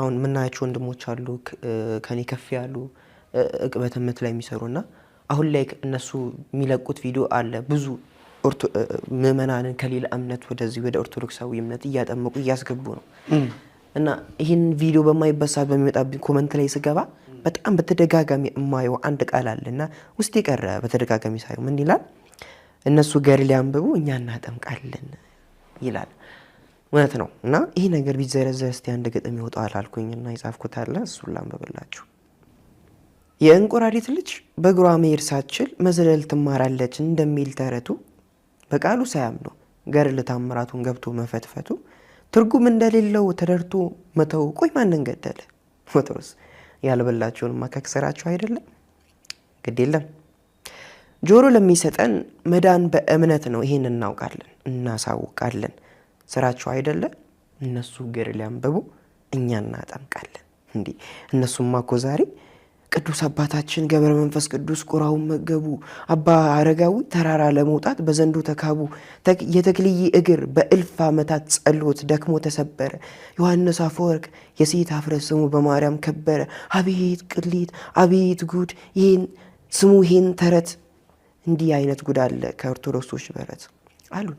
አሁን የምናያቸው ወንድሞች አሉ ከኔ ከፍ ያሉ በትምህርት ላይ የሚሰሩ እና አሁን ላይ እነሱ የሚለቁት ቪዲዮ አለ ብዙ ምእመናንን ከሌላ እምነት ወደዚህ ወደ ኦርቶዶክሳዊ እምነት እያጠመቁ እያስገቡ ነው እና ይህን ቪዲዮ በማይበሳት ሰዓት በሚመጣብኝ ኮመንት ላይ ስገባ በጣም በተደጋጋሚ የማየው አንድ ቃል አለ እና ውስጥ የቀረ በተደጋጋሚ ሳየው ምን ይላል? እነሱ ገድል ሊያንብቡ እኛ እናጠምቃለን ይላል። እውነት ነው እና ይህ ነገር ቢዘረዘር እስቲ አንድ ገጠም ይወጣዋል አልኩኝና የጻፍኩት አለ። እሱን ላንብብላችሁ። የእንቁራሪት ልጅ በእግሯ መሄድ ሳትችል መዘለል ትማራለች እንደሚል ተረቱ በቃሉ ሳያምኑ ገርል ታምራቱን ገብቶ መፈትፈቱ ትርጉም እንደሌለው ተደርቶ መተው። ቆይ ማንን ገደለ? ወትሮስ ያልበላችሁን ማከክሰራችሁ አይደለም? ግድ የለም ጆሮ ለሚሰጠን መዳን በእምነት ነው። ይሄን እናውቃለን፣ እናሳውቃለን። ስራቸው አይደለ? እነሱ ገድል ያንብቡ፣ እኛ እናጠምቃለን። እንዴ እነሱማ እኮ ዛሬ ቅዱስ አባታችን ገብረ መንፈስ ቅዱስ ቁራውን መገቡ፣ አባ አረጋዊ ተራራ ለመውጣት በዘንዶ ተካቡ፣ የተክልዬ እግር በእልፍ ዓመታት ጸሎት ደክሞ ተሰበረ፣ ዮሐንስ አፈወርቅ የሴት አፍረ ስሙ በማርያም ከበረ። አቤት ቅሌት፣ አቤት ጉድ! ይህን ስሙ ይህን ተረት። እንዲህ አይነት ጉድ አለ ከኦርቶዶክሶች በረት አሉን፣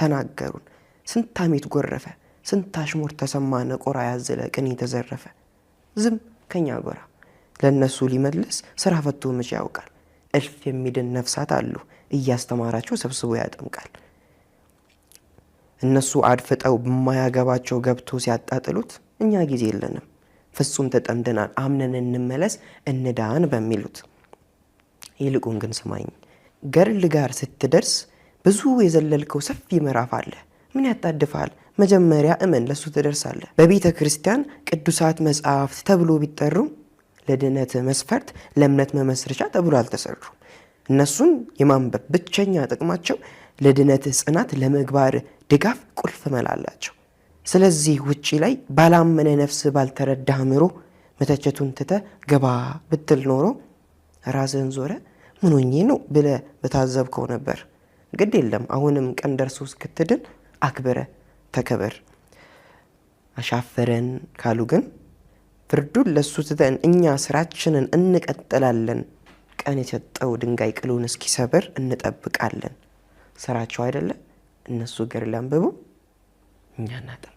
ተናገሩን። ስንት አሜት ጎረፈ፣ ስንት አሽሙር ተሰማ፣ ነቆራ ያዘለ ቅኔ ተዘረፈ። ዝም ከኛ ጎራ ለእነሱ ሊመልስ ስራ ፈቶ መቼ ያውቃል። እልፍ የሚድን ነፍሳት አሉ እያስተማራቸው ሰብስቦ ያጠምቃል። እነሱ አድፍጠው በማያገባቸው ገብቶ ሲያጣጥሉት እኛ ጊዜ የለንም ፍጹም ተጠምደናል። አምነን እንመለስ እንዳን በሚሉት ይልቁን ግን ስማኝ ገርል ጋር ስትደርስ ብዙ የዘለልከው ሰፊ ምዕራፍ አለ። ምን ያጣድፋል መጀመሪያ እመን፣ ለሱ ትደርሳለህ። በቤተ ክርስቲያን ቅዱሳት መጽሐፍት ተብሎ ቢጠሩም ለድነት መስፈርት ለእምነት መመስረቻ ተብሎ አልተሰሩም። እነሱን የማንበብ ብቸኛ ጥቅማቸው ለድነት ጽናት፣ ለምግባር ድጋፍ ቁልፍ መላላቸው። ስለዚህ ውጪ ላይ ባላመነ ነፍስ ባልተረዳ አእምሮ መተቸቱን ትተ ገባ ብትል ኖሮ ራስህን ዞረ ምኖኜ ነው ብለ በታዘብከው ነበር። ግድ የለም አሁንም ቀን ደርሶ እስክትድን አክብረ ተከበር አሻፈረን ካሉ ግን ፍርዱን ለሱ ትተን እኛ ስራችንን እንቀጥላለን። ቀን የሰጠው ድንጋይ ቅሉን እስኪሰብር እንጠብቃለን። ስራቸው አይደለ እነሱ ገር ለንብቡ እኛ እናጠ